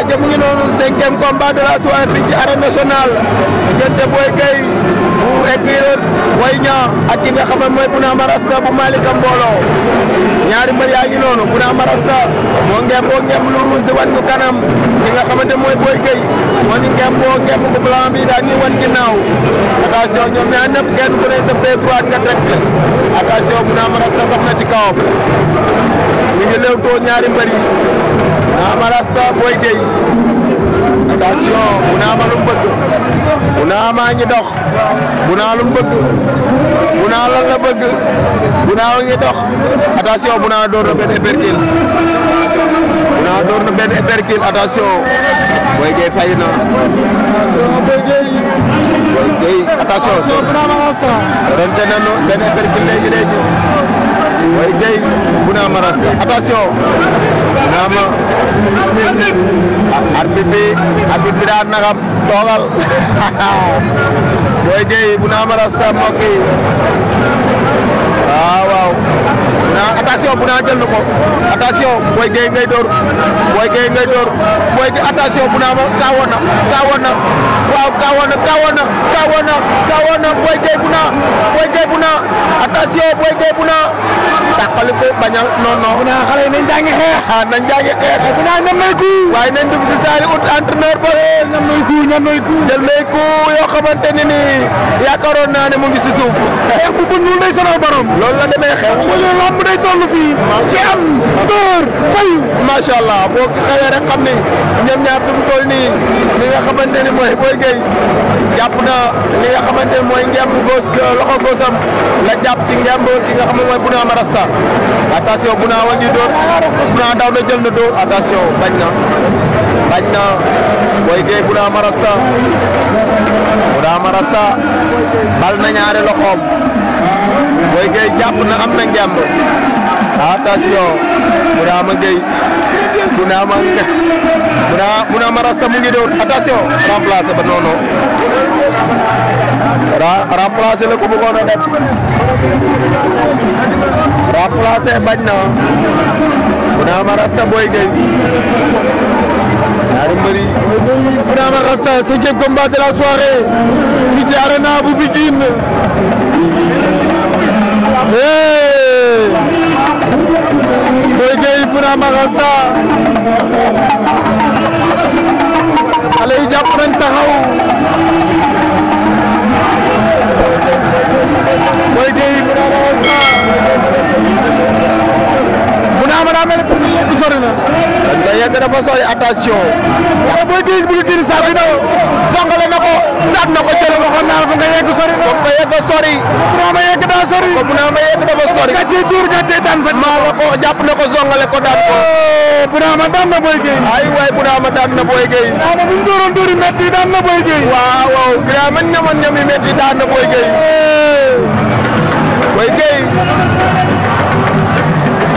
aja mu ngi noonu cinquième combat de la soirée fii ci arène nationale diggante Boy Gueye bu écurie Boy Niang ak ki nga xam ne mooy Bouna Marassa bu Malika Mbooloo ñaari mbër yaa ngi noonu Bouna Marassa moo ngeem boo ngeem lu ruus di wan ñu kanam ki nga xamante mooy Boy Gueye moo ñu ngeem boo ngeem bu blanc bi daal ñuy wan ginnaaw attention ñoom ñaar ñëpp kenn ku ne sa pied droit nga teg attention Bouna Marassa dox na ci kawam ñu ngi léew too ñaari mbër yi Ama Rasta Boy Gueye attention Bouna Ama lu mu bëgg Bouna Ama ngi dox Bouna lu mu bëgg Bouna lan la bëgg Bouna ngi dox attention Bouna door na benn épercule Bouna door na benn épercule attention Boy Gueye fay na Boy Gueye attention doon te nanu benn épercule léegi léegi waaye tey Bouna Maras attention naam arbitre bi arbitre bi daan na xam toogal Boy Dieye Bouna Maras mbokk yi waaw waaw naa attention Bouna jël na ko attention Boy Dieye ngay door Boy Dieye ngay door Boy Dieye attention Bouna ma kaawoon na kaawoon na waaw kaawoon na kaawoon na kawana kawana boy puna, buna boy gay buna attention boy gay buna takaliko bañal non non buna xalé nañ jangi xex ha nañ jangi xex buna eh, ñam may ku way nañ dug ci sali out entraîneur ba ñam eh, may ku ñam may ku jël may ku yo xamanteni ya, ni yaakaaron na ne mu ngi ci suuf xex bu bu lay sonal borom lool la démé xex lamb day tollu fi ci am door fay ma sha Allah bo xalé rek xamni ñam ñaar dum ni nga xamante ni mooy Boy Gueye jàpp na li nga xamante ni mooy ngemb gos euh, loxo gosam la jàpp ci ngemb ki nga xam ne mooy Bouna Marassa attention Bouna wàññi dóor Bouna daw na jël na dóor attention bañ na bañ na Boy Gueye Bouna Marassa Bouna Marassa bal na ñaari loxoom Boy Gueye jàpp na am na ngemb attention Bouna Gueye Bouna maa ngi mu ngi doon attention remplacé ba non non la ko bëggoon def remplacé bañ na Bouna Marassa Boy Gueye ñaari mbër yi Bouna Marassa cinquième combat de la soirée ci arena bu Pikine Boy Gueye Bouna Marassa nañ taxaw Boy Gueye mu naa ma daa mel pour ñu yegg sori na dañ ko yegg dafa sori attention waaye Boy Gueye bu ñu gën saa bi na songale na ko daat na ko jël waxoon naa la fa nga yegg sori na ko yegg sori daa sori ko bu naa ma yegg dafa sori ka ci duur ka ci fa maa la ko na ko zongale ko daan ko eh, bu naa ma daan na Boy Gueye ay waay bu naa ma daan na Boy Gueye naa ma bu ñu dooroon metti daan na Boy Gueye waaw waaw gira man ñamoon ñami metti daan na Boy Gueye eh. Boy Gueye